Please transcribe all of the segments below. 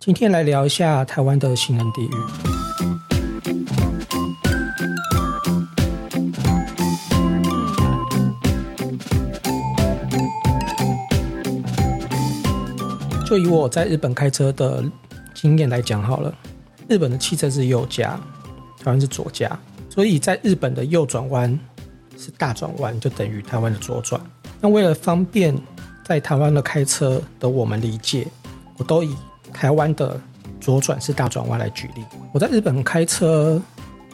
今天來聊一下台灣的行人地獄，就以我在日本開車的經驗來講好了，日本的汽車是右駕，台灣是左駕，所以在日本的右轉彎是大轉彎，就等於台灣的左轉。那為了方便在台灣的開車的我們理解，我都以台灣的左轉是大轉彎來舉例，我在日本開車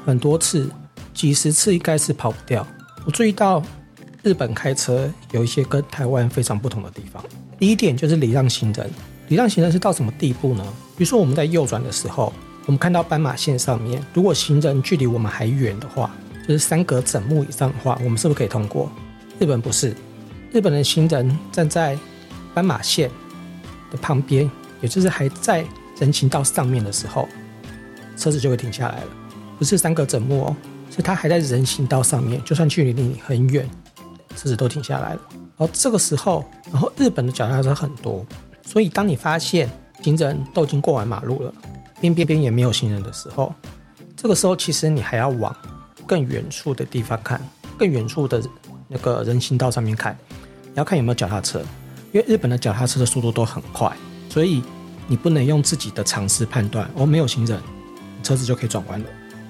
很多次，幾十次應該是跑不掉。我注意到日本開車有一些跟台灣非常不同的地方。第一點就是禮讓行人，禮讓行人是到什麼地步呢？比如說我們在右轉的時候，我們看到斑馬線上面，如果行人距離我們還遠的話，就是三格整目以上的話，我們是不是可以通過？日本不是，日本的行人站在斑馬線的旁邊，也就是還在人行道上面的時候，車子就會停下來了。不是三個枕木哦，所以它還在人行道上面，就算距離你很遠，車子都停下來了。而這個時候，然後日本的腳踏車很多，所以當你發現行人都已經過完馬路了，邊邊邊也沒有行人的時候，這個時候其實你還要往更遠處的地方看，更遠處的那個人行道上面看，你要看有沒有腳踏車，因為日本的腳踏車的速度都很快。所以你不能用自己的常識判斷，哦，沒有行人，你車子就可以轉彎了。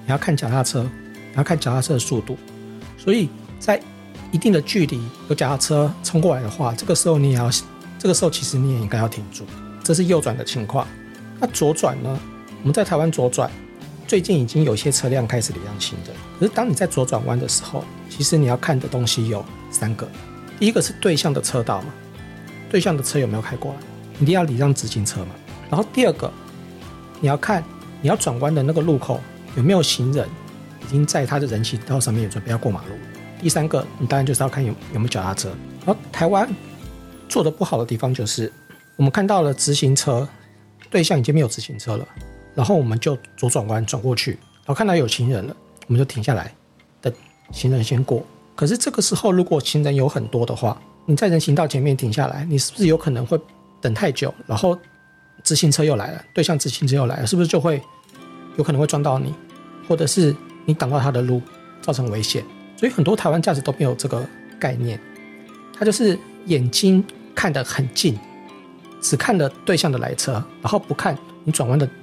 你要看腳踏車，你要看腳踏車的速度。所以，在一定的距離有腳踏車衝過來的話，這個時候你也要，這個時候其實你也應該要停住。這是右轉的情況，那左轉呢？我們在台灣左轉，最近已經有些車輛開始禮讓行人。可是當你在左轉彎的時候，其實你要看的東西有三個，第一個是對向的車道嘛，對向的車有沒有開過來？一定要禮讓直行車嘛。然後第二個，你要看你要轉彎的那個路口有沒有行人，已經在他的人行道上面準備要過馬路。第三個，你當然就是要看有有沒有腳踏車。然後台灣做得不好的地方就是，我們看到了直行車對向已經沒有直行車了，然後我們就左轉彎轉過去，然後看到有行人了，我們就停下來等行人先過。可是這個時候如果行人有很多的話，你在人行道前面停下來，你是不是有可能會？等太久，然後直行車又來了，對向直行車又來了，是不是就會有可能會撞到你，或者是你擋到他的路，造成危險？所以很多台灣駕駛都沒有這個概念，他就是眼睛看得很近，只看了對向的來車，然後不看你轉彎的，的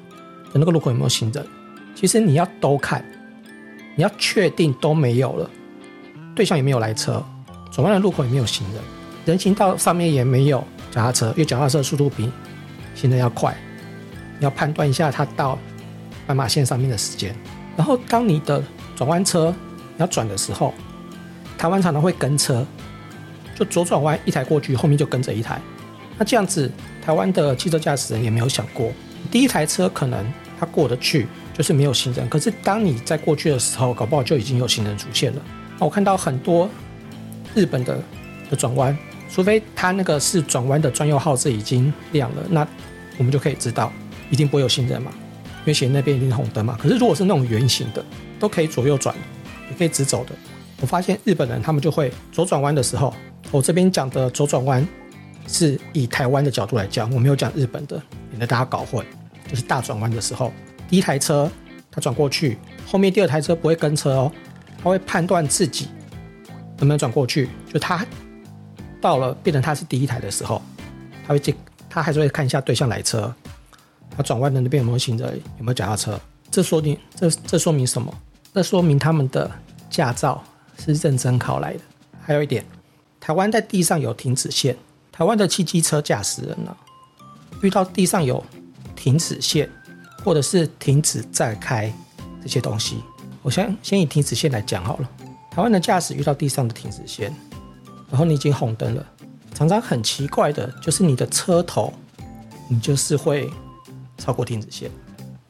那個路口有沒有行人。其實你要都看，你要確定都沒有了，對向也沒有來車，轉彎的路口也沒有行人，人行道上面也沒有。腳踏車，因為腳踏車的速度比行人要快，你要判斷一下它到斑馬線上面的時間。然後，當你的轉彎車你要轉的時候，台灣常常會跟車，就左轉彎一台過去，後面就跟着一台。那這樣子，台灣的汽車駕駛人也沒有想過，第一台車可能它過得去，就是沒有行人。可是，當你在過去的時候，搞不好就已經有行人出現了。那我看到很多日本的的轉彎。除非他那個是轉彎的專用號誌已經亮了，那我們就可以知道一定不會有行人嘛，因為行人那邊一定是紅燈嘛。可是如果是那種圓形的，都可以左右轉，也可以直走的。我發現日本人他們就會左轉彎的時候，我這邊講的左轉彎是以台灣的角度來講，我沒有講日本的，免得大家搞混。就是大轉彎的時候，第一台車他轉過去，後面第二台車不會跟車哦，他會判斷自己能不能轉過去，就他。到了變成他是第一台的時候，他會進，他還是會看一下對向來車，他轉彎的那邊有沒有行人，有沒有腳踏車。這說明這這說明什麼？這說明他們的駕照是認真考來的。還有一點，台灣在地上有停止線，台灣的汽機車駕駛人呢，遇到地上有停止線或者是停止再開這些東西，我先先以停止線來講好了。台灣的駕駛遇到地上的停止線。然後你已經紅燈了，常常很奇怪的就是你的車頭，你就是會超過停止線，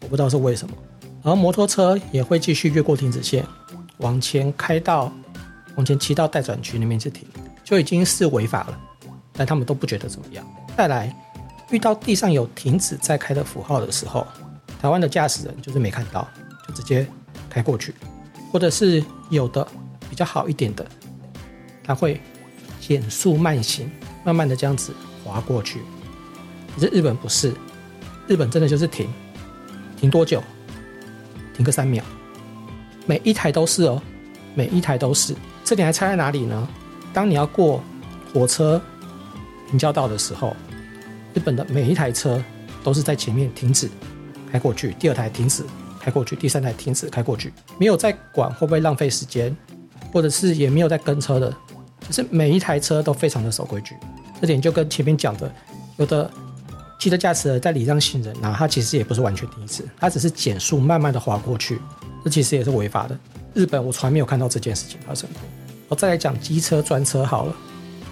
我不知道是為什麼。而摩托車也會繼續越過停止線，往前開到，往前騎到待轉區裡面去停，就已經是違法了，但他們都不覺得怎麼樣。再來，遇到地上有停止再開的符號的時候，台灣的駕駛人就是沒看到，就直接開過去，或者是有的比較好一點的，他會。減速慢行，慢慢的這樣子滑過去。可是日本不是，日本真的就是停，停多久？停個三秒。每一台都是哦，每一台都是。這點還差在哪裡呢？當你要過火車平交道的時候，日本的每一台車都是在前面停止開過去，第二台停止開過去，第三台停止開過去，沒有在管會不會浪費時間，或者是也沒有在跟車的。可是每一台車都非常的守規矩，這點就跟前面講的，有的汽車駕駛人在禮讓行人，然後他其實也不是完全停止，他只是減速慢慢的滑過去，這其實也是違法的。日本我從來沒有看到這件事情發生過。我再來講機車鑽車好了，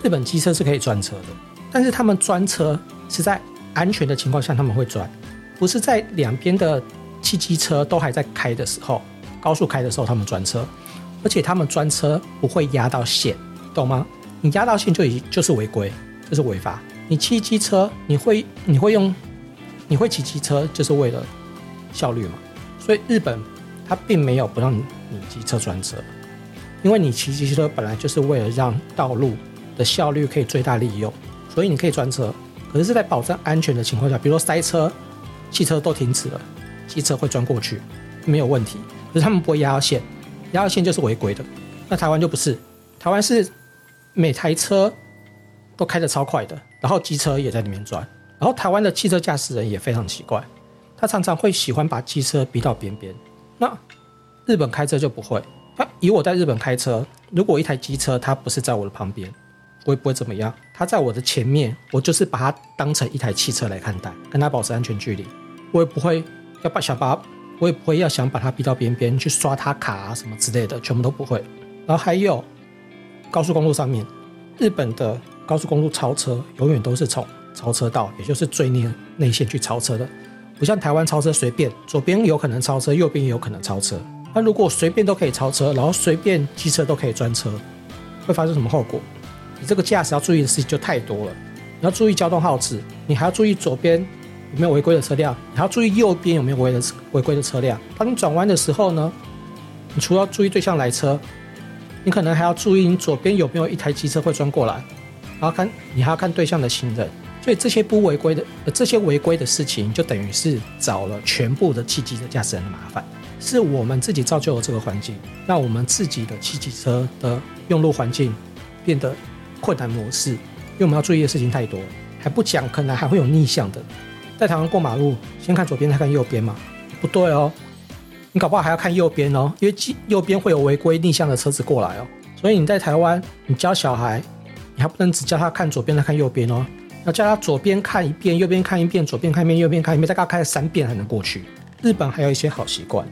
日本機車是可以鑽車的，但是他們鑽車是在安全的情況下他們會鑽，不是在兩邊的汽機車都還在開的時候，高速開的時候他們鑽車，而且他們鑽車不會壓到線。懂嗎？你壓到線就已經就是違規，就是違法。你騎機車，你會你會用，你會騎機車就是為了效率嘛。所以日本它並沒有不讓你你機車鑽車，因為你騎機車本來就是為了讓道路的效率可以最大利用，所以你可以鑽車。可是是在保證安全的情況下，比如說塞車，汽車都停止了，機車會鑽過去，沒有問題。可是他們不會壓到線，壓到線就是違規的。那台灣就不是，台灣是。每台車都開得超快的，然後機車也在裡面鑽，然後台灣的汽車駕駛人也非常奇怪，他常常會喜歡把機車逼到邊邊。那日本開車就不會，以我在日本開車，如果一台機車它不是在我的旁邊，我也不會怎麼樣。它在我的前面，我就是把它當成一台汽車來看待，跟他保持安全距離，我也不會要把小巴，我也不會要想把它逼到邊邊去刷它卡啊什麼之類的，全部都不會。然後還有。高速公路上面，日本的高速公路超車永遠都是從超車道，也就是最內內線去超車的，不像台灣超車隨便，左邊有可能超車，右邊也有可能超車。那如果隨便都可以超車，然後隨便機車都可以專車，會發生什麼後果？你這個駕駛要注意的事情就太多了。你要注意交通號志，你還要注意左邊有沒有違規的車輛，你還要注意右邊有沒有違的違規的車輛。當你轉彎的時候呢，你除了注意對向來車。你可能還要注意，你左邊有沒有一台機車會鑽過來，然後看，你還要看對向的行人。所以這些不違規的，這些違規的事情，就等於是找了全部的汽機的駕駛人的麻煩，是我們自己造就了這個環境，讓我們自己的汽機車的用路環境變得困難模式。因為我們要注意的事情太多還不講，可能還會有逆向的。在台灣過馬路，先看左邊再看右邊嘛？不對哦。你搞不好還要看右邊哦，因為右邊會有違規逆向的車子過來哦，所以你在台灣，你教小孩，你還不能只教他看左邊再看右邊哦，要教他左邊看一遍，右邊看一遍，左邊看一遍，右邊看一遍，大概看三遍才能過去。日本還有一些好習慣，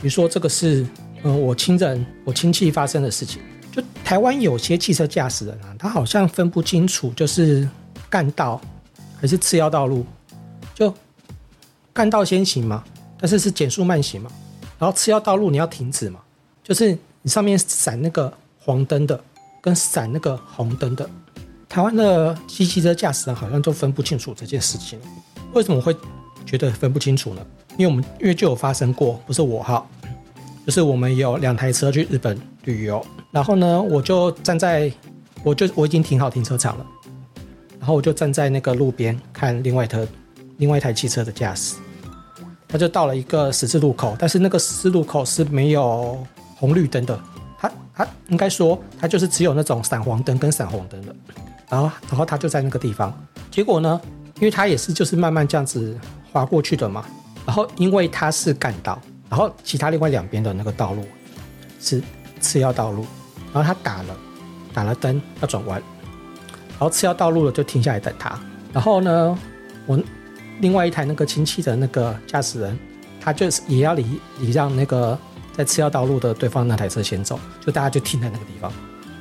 比如說這個是嗯、呃、我親人我親戚發生的事情，就台灣有些汽車駕駛人啊，他好像分不清楚就是幹道還是次要道路，就幹道先行嘛。但是是減速慢行嘛，然後次要道路你要停止嘛，就是你上面閃那個黃燈的，跟閃那個紅燈的，台灣的汽車駕駛人好像都分不清楚這件事情。為什麼我會覺得分不清楚呢？因為我們因為就有發生過，不是我哈，就是我們有兩台車去日本旅遊，然後呢，我就站在，我就我已經停好停車場了，然後我就站在那個路邊看另外一台另外一台汽車的駕駛。他就到了一個十字路口，但是那個十字路口是沒有紅綠燈的，他他應該說他就是只有那種閃黃燈跟閃紅燈的，然後然後他就在那個地方，結果呢，因為他也是就是慢慢這樣子滑過去的嘛，然後因為他是幹道，然後其他另外兩邊的那個道路是次要道路，然後他打了打了燈要轉彎，然後次要道路了就停下來等他，然後呢，我。另外一台那個親戚的那個駕駛人，他就是也要離，你讓那個在次要道路的對方那台車先走，就大家就停在那個地方，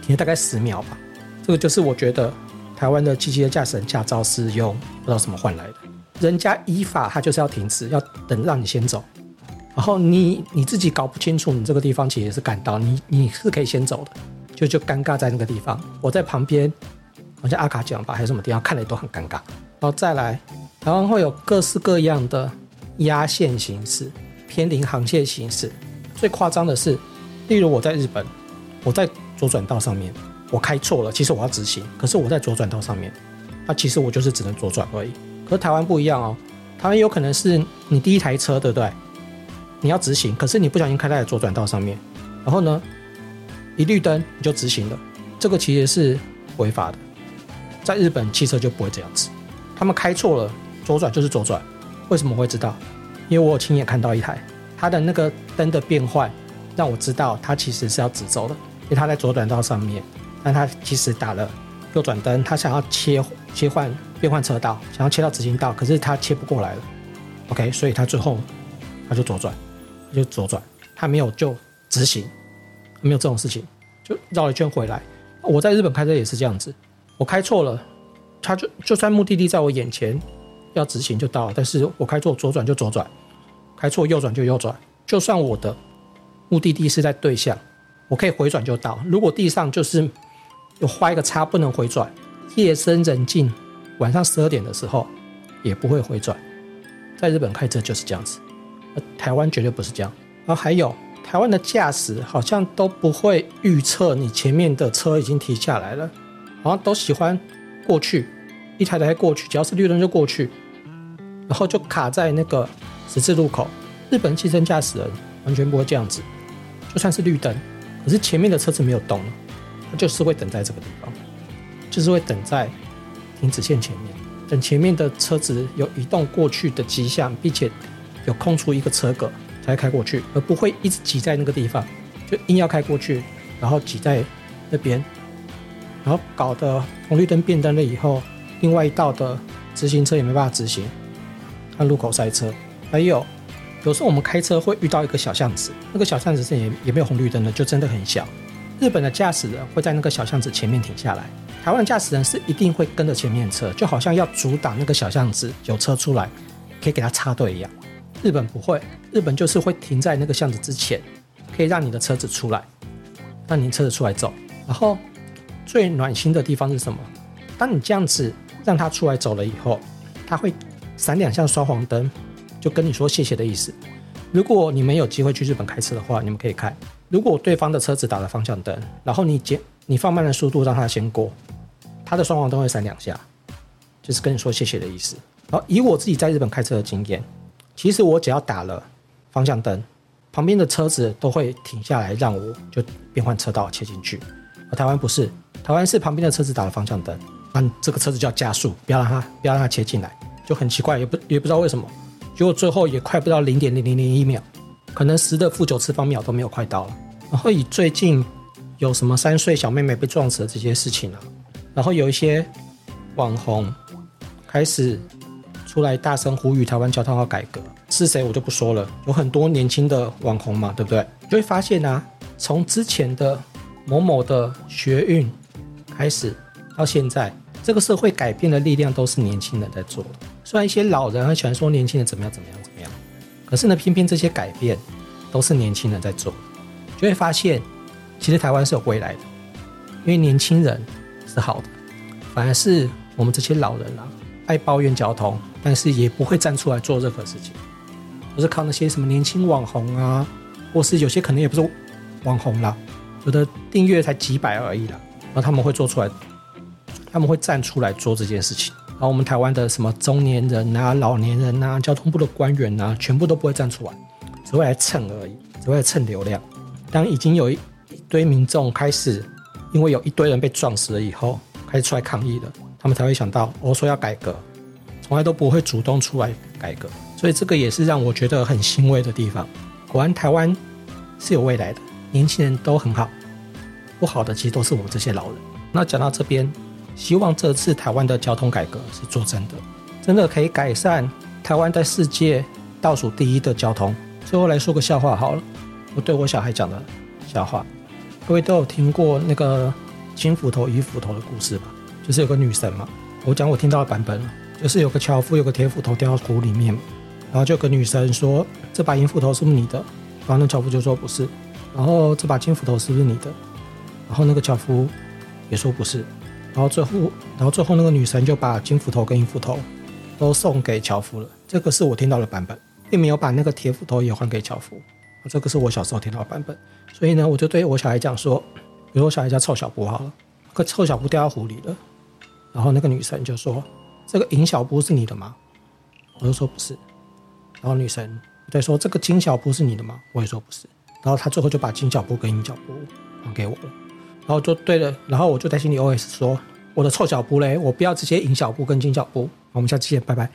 停了大概十秒吧。這個就是我覺得台灣的機器的駕駛人駕照是用不知道什麼換來的，人家依法他就是要停止，要等讓你先走，然後你你自己搞不清楚你這個地方其實是幹道，你你是可以先走的，就就尷尬在那個地方。我在旁邊，好像阿卡講吧，還是什麼地方，看了都很尷尬，然後再來。台灣會有各式各樣的壓線行駛、偏離航線行駛，最誇張的是，例如我在日本，我在左轉道上面，我開錯了，其實我要直行，可是我在左轉道上面，那、啊、其實我就是只能左轉而已。可是台灣不一樣哦，台灣有可能是你第一台車，對不對？你要直行，可是你不小心開在左轉道上面，然後呢，一綠燈你就直行了，這個其實是違法的。在日本，汽車就不會這樣子，他們開錯了。左轉就是左轉，為什麼會知道？因為我有親眼看到一台，它的那個燈的變換，讓我知道它其實是要直走的。因為它在左轉道上面，但它其實打了右轉燈，它想要切切換變換車道，想要切到直行道，可是它切不過來了。OK，所以他最後他就左轉，他就左轉，他沒有就直行，沒有這種事情，就繞了一圈回來。我在日本開車也是這樣子，我開錯了，他就就算目的地在我眼前，要直行就到了，但是我開錯左轉就左轉，開錯右轉就右轉。就算我的目的地是在對向，我可以回轉就到。如果地上就是有畫一個叉，不能回轉，夜深人靜，晚上十二點的時候也不會回轉。在日本開車就是這樣子，台灣絕對不是這樣。然後還有台灣的駕駛好像都不會預測你前面的車已經停下來了，好像都喜歡過去，一台台過去，只要是綠燈就過去。然後就卡在那個十字路口。日本汽車駕駛人完全不會這樣子，就算是綠燈，可是前面的車子沒有動，它就是會等在這個地方，就是會等在停止線前面，等前面的車子有移動過去的跡象，並且有空出一個車格才開過去，而不會一直擠在那個地方，就硬要開過去，然後擠在那邊，然後搞得紅綠燈變燈了以後，另外一道的直行車也沒辦法直行。看路口塞車，還有有時候我們開車會遇到一個小巷子，那個小巷子是也也沒有紅綠燈的，就真的很小。日本的駕駛人會在那個小巷子前面停下來，台灣駕駛人是一定會跟着前面的車，就好像要阻擋那個小巷子有車出來，可以給他插隊一樣。日本不會，日本就是會停在那個巷子之前，可以讓你的車子出來，讓你的車子出來走。然後最暖心的地方是什麼？當你這樣子讓他出來走了以後，他會。閃兩下雙黃燈，就跟你說謝謝的意思。如果你們有機會去日本開車的話，你們可以看。如果對方的車子打了方向燈，然後你減你放慢了速度，讓它先過，它的雙黃燈會閃兩下，就是跟你說謝謝的意思。好，以我自己在日本開車的經驗，其實我只要打了方向燈，旁邊的車子都會停下來讓我就變換車道切進去。而台灣不是，台灣是旁邊的車子打了方向燈，那這個車子就要加速，不要讓它不要讓它切進來。就很奇怪，也不也不知道為什麼，結果最後也快不到零點零零零一秒，可能十的負九次方秒都沒有快到了。然後以最近有什麼三歲小妹妹被撞死的這些事情啊，然後有一些網紅開始出來大聲呼籲台灣交通要改革，是誰我就不說了。有很多年輕的網紅嘛，對不對？你會發現啊，從之前的某某的學運開始到現在，這個社會改變的力量都是年輕人在做的。雖然一些老人很喜歡說年輕人怎麼樣怎麼樣怎麼樣，可是呢，偏偏這些改變都是年輕人在做，就會發現其實台灣是有未來的，因為年輕人是好的，反而是我們這些老人啦、啊，愛抱怨交通，但是也不會站出來做任何事情，都是靠那些什麼年輕網紅啊，或是有些可能也不是網紅啦，有的訂閱才幾百而已啦，然後他們會做出來，他們會站出來做這件事情。然後我們台灣的什麼中年人啊、老年人啊、交通部的官員啊，全部都不會站出來，只會來蹭而已，只會來蹭流量。當已經有一，一堆民眾開始，因為有一堆人被撞死了以後，開始出來抗議了，他們才會想到我說、哦、要改革，從來都不會主動出來改革。所以這個也是讓我覺得很欣慰的地方。果然台灣是有未來的，年輕人都很好，不好的其實都是我們這些老人。那講到這邊。希望這次台灣的交通改革是做真的，真的可以改善台灣在世界倒數第一的交通。最後來說個笑話，好了，我對我小孩講的笑話，各位都有聽過那個金斧頭、銀斧頭的故事吧？就是有個女神嘛，我講我聽到的版本，就是有個樵夫有個鐵斧頭掉到湖裡面，然後就跟女神說：“這把銀斧頭是不是你的？”然後那樵夫就說：“不是。”然後這把金斧頭是不是你的？然後那個樵夫也說：“不是。”然後最後，然後最後那個女神就把金斧頭跟銀斧頭都送給樵夫了。這個是我聽到的版本，並沒有把那個鐵斧頭也還給樵夫。這個是我小時候聽到的版本。所以呢，我就對我小孩講說，比如我小孩叫臭小布好了，個臭小布掉到湖裡了。然後那個女神就說：“這個銀小布是你的嗎？”我就說：“不是。”然後女神再說：“這個金小布是你的嗎？”我也說：“不是。”然後她最後就把金小布跟銀小布還給我了。然後就對了，然後我就在心裡 OS 說：“我的臭腳步嘞，我不要直接影腳步跟進腳步，我們下期見，拜拜。